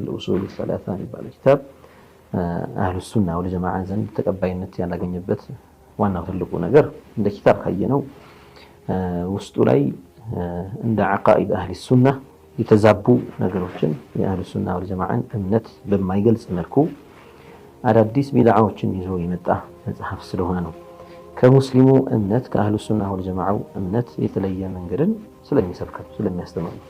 አልኡሱል ሰላሳ የሚባለው ኪታብ አህልሱና ወልጀማዓ ዘንድ ተቀባይነት ያላገኘበት ዋናው ትልቁ ነገር እንደ ኪታብ ካየ ነው ውስጡ ላይ እንደ ዓቃኢድ አህል ሱና የተዛቡ ነገሮችን የአህል ሱና ወልጀማዓን እምነት በማይገልጽ መልኩ አዳዲስ ቢድዓዎችን ይዞ የመጣ መጽሐፍ ስለሆነ ነው። ከሙስሊሙ እምነት ከአህል ሱና ወልጀማዓው እምነት የተለየ መንገድን ስለሚሰብከው ስለሚያስተምር ነው።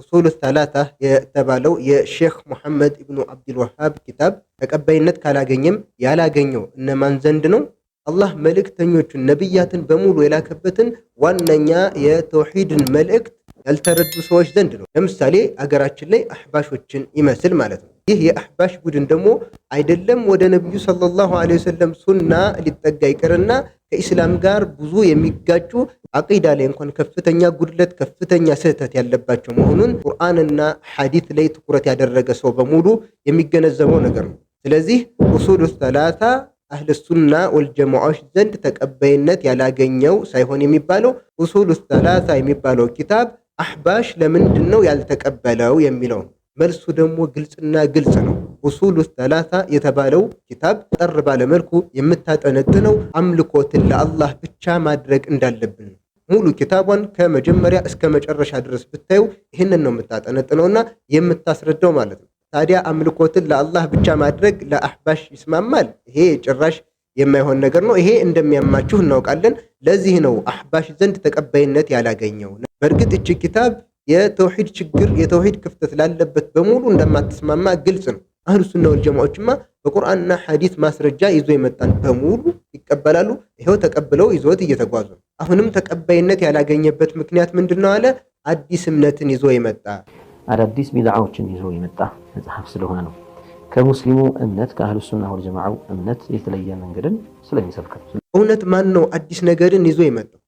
ኡሱሉ ሰላሳ የተባለው የሼክ ሙሐመድ ኢብኑ አብድልዋሃብ ኪታብ ተቀባይነት ካላገኘም ያላገኘው እነማን ዘንድ ነው? አላህ መልእክተኞቹን ነቢያትን በሙሉ የላከበትን ዋነኛ የተውሂድን መልእክት ያልተረዱ ሰዎች ዘንድ ነው። ለምሳሌ አገራችን ላይ አህባሾችን ይመስል ማለት ነው። ይህ የአሕባሽ ቡድን ደግሞ አይደለም ወደ ነቢዩ ሰለላሁ ዐለይሂ ወሰለም ሱና ሊጠጋ ይቅርና ከኢስላም ጋር ብዙ የሚጋጩ አቂዳ ላይ እንኳን ከፍተኛ ጉድለት፣ ከፍተኛ ስህተት ያለባቸው መሆኑን ቁርአንና ሐዲት ላይ ትኩረት ያደረገ ሰው በሙሉ የሚገነዘበው ነገር ነው። ስለዚህ ኡሱሉ ሰላሳ አህል ሱና ወልጀማዎች ዘንድ ተቀባይነት ያላገኘው ሳይሆን የሚባለው ኡሱሉ ሰላሳ የሚባለው ኪታብ አህባሽ ለምንድን ነው ያልተቀበለው የሚለው ነው። መልሱ ደግሞ ግልጽና ግልጽ ነው። ኡሱሉ ሰላሳ የተባለው ኪታብ ጠር ባለመልኩ የምታጠነጥነው አምልኮትን ለአላህ ብቻ ማድረግ እንዳለብን ነው። ሙሉ ኪታቧን ከመጀመሪያ እስከ መጨረሻ ድረስ ብታዩ ይህንን ነው የምታጠነጥነውና የምታስረዳው ማለት ነው። ታዲያ አምልኮትን ለአላህ ብቻ ማድረግ ለአህባሽ ይስማማል? ይሄ ጭራሽ የማይሆን ነገር ነው። ይሄ እንደሚያማችሁ እናውቃለን። ለዚህ ነው አህባሽ ዘንድ ተቀባይነት ያላገኘው። በእርግጥ እቺ ኪታብ የተውሂድ ችግር የተውሂድ ክፍተት ላለበት በሙሉ እንደማትስማማ ግልጽ ነው። አህሉ ሱና ወልጀማዎችማ በቁርአንና ሐዲስ ማስረጃ ይዞ የመጣን በሙሉ ይቀበላሉ። ይኸው ተቀብለው ይዞት እየተጓዙ ነው። አሁንም ተቀባይነት ያላገኘበት ምክንያት ምንድን ነው? አለ አዲስ እምነትን ይዞ የመጣ አዳዲስ ቢድዓዎችን ይዞ የመጣ መጽሐፍ ስለሆነ ነው። ከሙስሊሙ እምነት ከአህሉ ሱና ወልጀማዓው እምነት የተለየ መንገድን ስለሚሰብከው እውነት ማን ነው አዲስ ነገርን ይዞ የመጣው?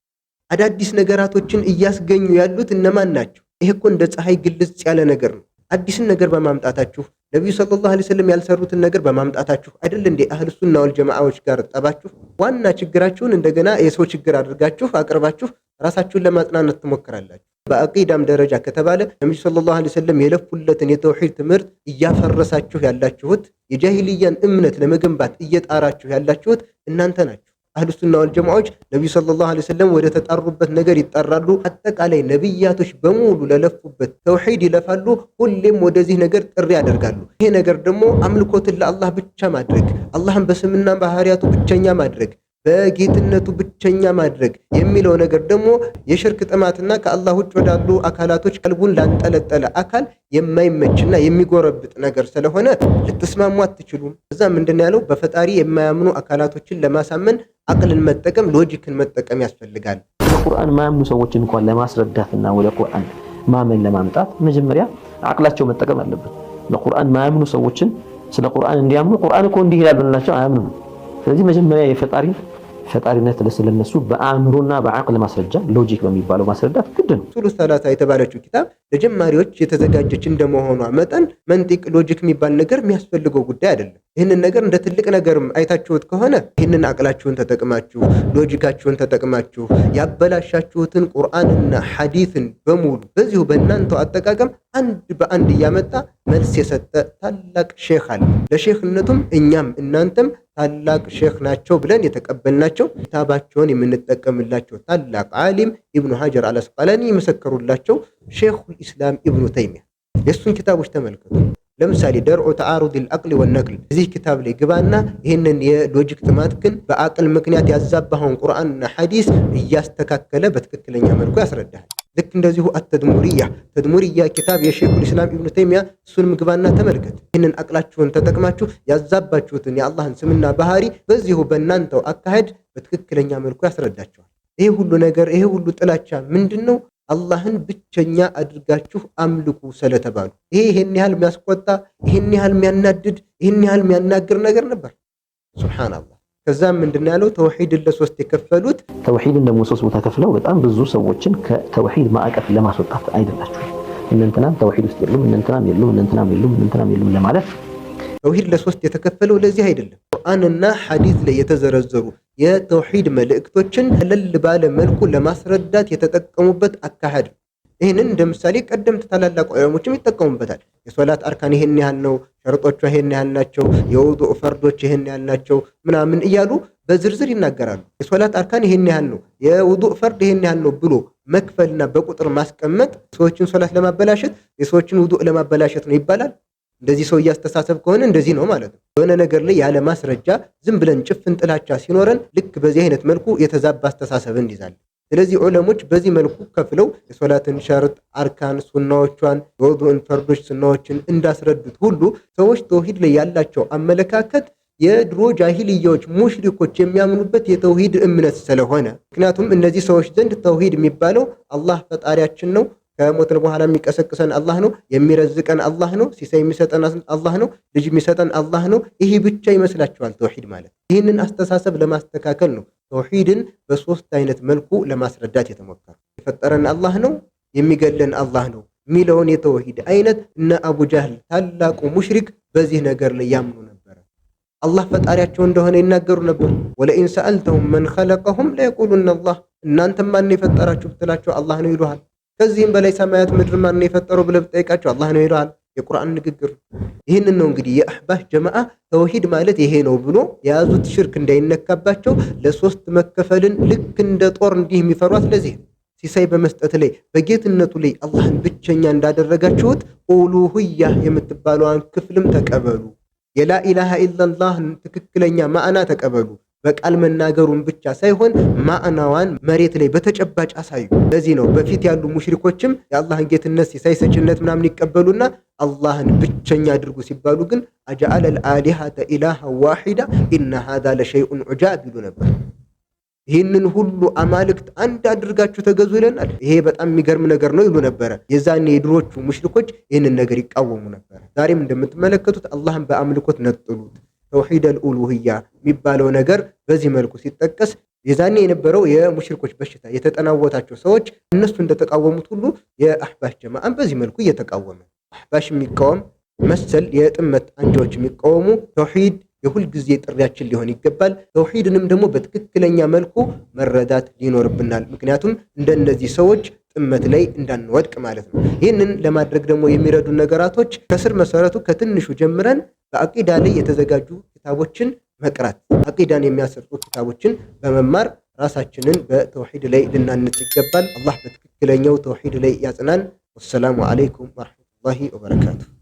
አዳዲስ ነገራቶችን እያስገኙ ያሉት እነማን ናቸው? ይሄ እኮ እንደ ፀሐይ ግልጽ ያለ ነገር ነው። አዲስን ነገር በማምጣታችሁ ነቢዩ ሰለላሁ ዐለይሂ ወሰለም ያልሰሩትን ነገር በማምጣታችሁ አይደል እንዴ አህል ሱና ወል ጀማዓዎች ጋር ጠባችሁ። ዋና ችግራችሁን እንደገና የሰው ችግር አድርጋችሁ አቅርባችሁ ራሳችሁን ለማጽናናት ትሞክራላችሁ። በአቂዳም ደረጃ ከተባለ ነቢዩ ሰለላሁ ዐለይሂ ወሰለም የለፉለትን የተውሂድ ትምህርት እያፈረሳችሁ ያላችሁት፣ የጃሂልያን እምነት ለመገንባት እየጣራችሁ ያላችሁት እናንተ ናችሁ። አህሉሱና ወልጀማዎች ነቢዩ ሰለላሁ ዐለይሂ ወሰለም ወደ ተጣሩበት ነገር ይጠራሉ። አጠቃላይ ነቢያቶች በሙሉ ለለፉበት ተውሂድ ይለፋሉ። ሁሌም ወደዚህ ነገር ጥሪ ያደርጋሉ። ይሄ ነገር ደግሞ አምልኮትን ለአላህ ብቻ ማድረግ፣ አላህን በስምና ባህሪያቱ ብቸኛ ማድረግ በጌትነቱ ብቸኛ ማድረግ የሚለው ነገር ደግሞ የሽርክ ጥማትና ከአላህ ውጭ ወዳሉ አካላቶች ቀልቡን ላንጠለጠለ አካል የማይመችና የሚጎረብጥ ነገር ስለሆነ ልትስማሙ አትችሉም። እዛ ምንድን ያለው በፈጣሪ የማያምኑ አካላቶችን ለማሳመን አቅልን መጠቀም ሎጂክን መጠቀም ያስፈልጋል። ቁርአን ማያምኑ ሰዎች እንኳን ለማስረዳትና ወደ ቁርአን ማመን ለማምጣት መጀመሪያ አቅላቸው መጠቀም አለበት። ለቁርአን ማያምኑ ሰዎችን ስለ ቁርአን እንዲያምኑ ቁርአን እኮ እንዲህ ይላል ብንላቸው አያምኑም። ስለዚህ መጀመሪያ የፈጣሪን ፈጣሪነት ስለነሱ በአእምሮና በአቅል ማስረጃ ሎጂክ በሚባለው ማስረዳት ግድ ነው። ሱሉ ሰላሳ የተባለችው ኪታብ ለጀማሪዎች የተዘጋጀች እንደመሆኗ መጠን መንጢቅ፣ ሎጂክ የሚባል ነገር የሚያስፈልገው ጉዳይ አይደለም። ይህንን ነገር እንደ ትልቅ ነገርም አይታችሁት ከሆነ ይህንን አቅላችሁን ተጠቅማችሁ ሎጂካችሁን ተጠቅማችሁ ያበላሻችሁትን ቁርአንና ሐዲትን በሙሉ በዚሁ በእናንተው አጠቃቀም አንድ በአንድ እያመጣ መልስ የሰጠ ታላቅ ሼህ አለ። ለሼህነቱም እኛም እናንተም ታላቅ ሼህ ናቸው ብለን የተቀበልናቸው ኪታባቸውን የምንጠቀምላቸው ታላቅ ዓሊም ኢብኑ ሀጀር አልአስቃላኒ የመሰከሩላቸው ሼኹል ኢስላም ኢብኑ ተይሚያ የእሱን ኪታቦች ተመልከቱ። ለምሳሌ ደርዑ ተአሩድ ልአቅል ወነቅል እዚህ ኪታብ ላይ ግባና ይህንን የሎጂክ ጥማትክን በአቅል ምክንያት ያዛባኸውን ቁርአንና ሐዲስ እያስተካከለ በትክክለኛ መልኩ ያስረዳል። ልክ እንደዚሁ አተድሙርያ ተድሙርያ ኪታብ የሼኹል ኢስላም ኢብኑ ተይሚያ እሱን ምግባና ተመልከት። ይህንን አቅላችሁን ተጠቅማችሁ ያዛባችሁትን የአላህን ስምና ባህሪ በዚሁ በእናንተው አካሄድ በትክክለኛ መልኩ ያስረዳቸዋል። ይሄ ሁሉ ነገር ይሄ ሁሉ ጥላቻ ምንድን ነው? አላህን ብቸኛ አድርጋችሁ አምልኩ ስለተባሉ ይሄ ይሄን ያህል የሚያስቆጣ ይሄን ያህል የሚያናድድ ይሄን ያህል የሚያናግር ነገር ነበር። ሱብሃነላህ ከዛም ምንድን ያለው ተውሂድን ለሶስት የከፈሉት ተውሂድን ደግሞ ሶስት ቦታ ከፍለው በጣም ብዙ ሰዎችን ከተውሂድ ማዕቀፍ ለማስወጣት አይደላችሁ እንንትናም ተውሂድ ውስጥ የሉም እንንትናም የሉም እንንትናም የሉም እንንትናም የሉም ለማለት ተውሂድ ለሶስት የተከፈለው ለዚህ አይደለም። ቁርአንና ሐዲስ ላይ የተዘረዘሩ የተውሂድ መልእክቶችን ለል ባለ መልኩ ለማስረዳት የተጠቀሙበት አካሄድ ይህንን እንደ ምሳሌ ቀደምት ታላላቅ ዑለሞችም ይጠቀሙበታል። የሶላት አርካን ይህን ያህል ነው፣ ሸርጦቿ ይህን ያህል ናቸው፣ የውዱእ ፈርዶች ይህን ያህል ናቸው ምናምን እያሉ በዝርዝር ይናገራሉ። የሶላት አርካን ይህን ያህል ነው፣ የውዱእ ፈርድ ይህን ያህል ነው ብሎ መክፈልና በቁጥር ማስቀመጥ ሰዎችን ሶላት ለማበላሸት የሰዎችን ውዱእ ለማበላሸት ነው ይባላል። እንደዚህ ሰው እያስተሳሰብ ከሆነ እንደዚህ ነው ማለት ነው። የሆነ ነገር ላይ ያለ ማስረጃ ዝም ብለን ጭፍን ጥላቻ ሲኖረን ልክ በዚህ አይነት መልኩ የተዛባ አስተሳሰብ እንይዛለን። ስለዚህ ዑለሞች በዚህ መልኩ ከፍለው የሶላትን ሸርጥ፣ አርካን፣ ሱናዎቿን፣ የውዱእን ፈርዶች፣ ሱናዎችን እንዳስረዱት ሁሉ ሰዎች ተውሂድ ላይ ያላቸው አመለካከት የድሮ ጃሂልያዎች ሙሽሪኮች የሚያምኑበት የተውሂድ እምነት ስለሆነ ምክንያቱም እነዚህ ሰዎች ዘንድ ተውሂድ የሚባለው አላህ ፈጣሪያችን ነው ከሞትን በኋላ የሚቀሰቅሰን አላህ ነው። የሚረዝቀን አላህ ነው። ሲሳይ የሚሰጠን አላህ ነው። ልጅ የሚሰጠን አላህ ነው። ይሄ ብቻ ይመስላቸዋል ተውሂድ ማለት። ይህንን አስተሳሰብ ለማስተካከል ነው ተውሂድን በሶስት አይነት መልኩ ለማስረዳት የተሞከረ የፈጠረን አላህ ነው፣ የሚገለን አላህ ነው የሚለውን የተውሂድ አይነት እነ አቡ ጃህል ታላቁ ሙሽሪክ በዚህ ነገር ላይ ያምኑ ነበረ። አላህ ፈጣሪያቸው እንደሆነ ይናገሩ ነበር። ወለኢን ሰአልተሁም መን ኸለቀሁም ለየቁሉና አላህ፣ እናንተ ማን የፈጠራችሁ ብትላቸው አላህ ነው ይሉሃል። ከዚህም በላይ ሰማያት ምድር ማን የፈጠረው ብለህ ብትጠይቃቸው አላህ ነው ይሉሃል። የቁርአን ንግግር ይህንን ነው እንግዲህ የአህባሽ ጀማዓ ተውሂድ ማለት ይሄ ነው ብሎ የያዙት ሽርክ እንዳይነካባቸው ለሶስት መከፈልን ልክ እንደ ጦር እንዲህ የሚፈሯት ለዚህ ሲሳይ በመስጠት ላይ በጌትነቱ ላይ አላህን ብቸኛ እንዳደረጋችሁት ኡሉህያ የምትባለዋን ክፍልም ተቀበሉ። የላኢላሃ ኢላላህን ትክክለኛ ማዕና ተቀበሉ። በቃል መናገሩን ብቻ ሳይሆን ማዕናዋን መሬት ላይ በተጨባጭ አሳዩ። ለዚህ ነው በፊት ያሉ ሙሽሪኮችም የአላህን ጌትነት ሲሳይ ሰጭነት ምናምን ይቀበሉና አላህን ብቸኛ አድርጉ ሲባሉ ግን አጃአለ ልአሊሃተ ኢላሃ ዋሒዳ ኢነ ሃዛ ለሸይኡን ዑጃብ ይሉ ነበር። ይህንን ሁሉ አማልክት አንድ አድርጋችሁ ተገዙ ይለናል። ይሄ በጣም የሚገርም ነገር ነው ይሉ ነበረ። የዛኔ የድሮቹ ሙሽሪኮች ይህንን ነገር ይቃወሙ ነበር። ዛሬም እንደምትመለከቱት አላህን በአምልኮት ነጥሉት ተውሒድ አልኡሉህያ የሚባለው ነገር በዚህ መልኩ ሲጠቀስ የዛኔ የነበረው የሙሽሪኮች በሽታ የተጠናወታቸው ሰዎች እነሱ እንደተቃወሙት ሁሉ የአሕባሽ ጀማዓን በዚህ መልኩ እየተቃወመ አሕባሽ የሚቃወም መሰል የጥመት አንጃዎች የሚቃወሙ ተውሂድ የሁልጊዜ ጥሪያችን ሊሆን ይገባል። ተውሂድንም ደግሞ በትክክለኛ መልኩ መረዳት ሊኖርብናል። ምክንያቱም እንደነዚህ ሰዎች ጥመት ላይ እንዳንወድቅ ማለት ነው። ይህንን ለማድረግ ደግሞ የሚረዱ ነገራቶች ከስር መሰረቱ ከትንሹ ጀምረን በአቂዳ ላይ የተዘጋጁ ክታቦችን መቅራት፣ አቂዳን የሚያሰርጡ ክታቦችን በመማር ራሳችንን በተውሂድ ላይ ልናንጽ ይገባል። አላህ በትክክለኛው ተውሂድ ላይ ያጽናን። ወሰላሙ አለይኩም الله وبركاته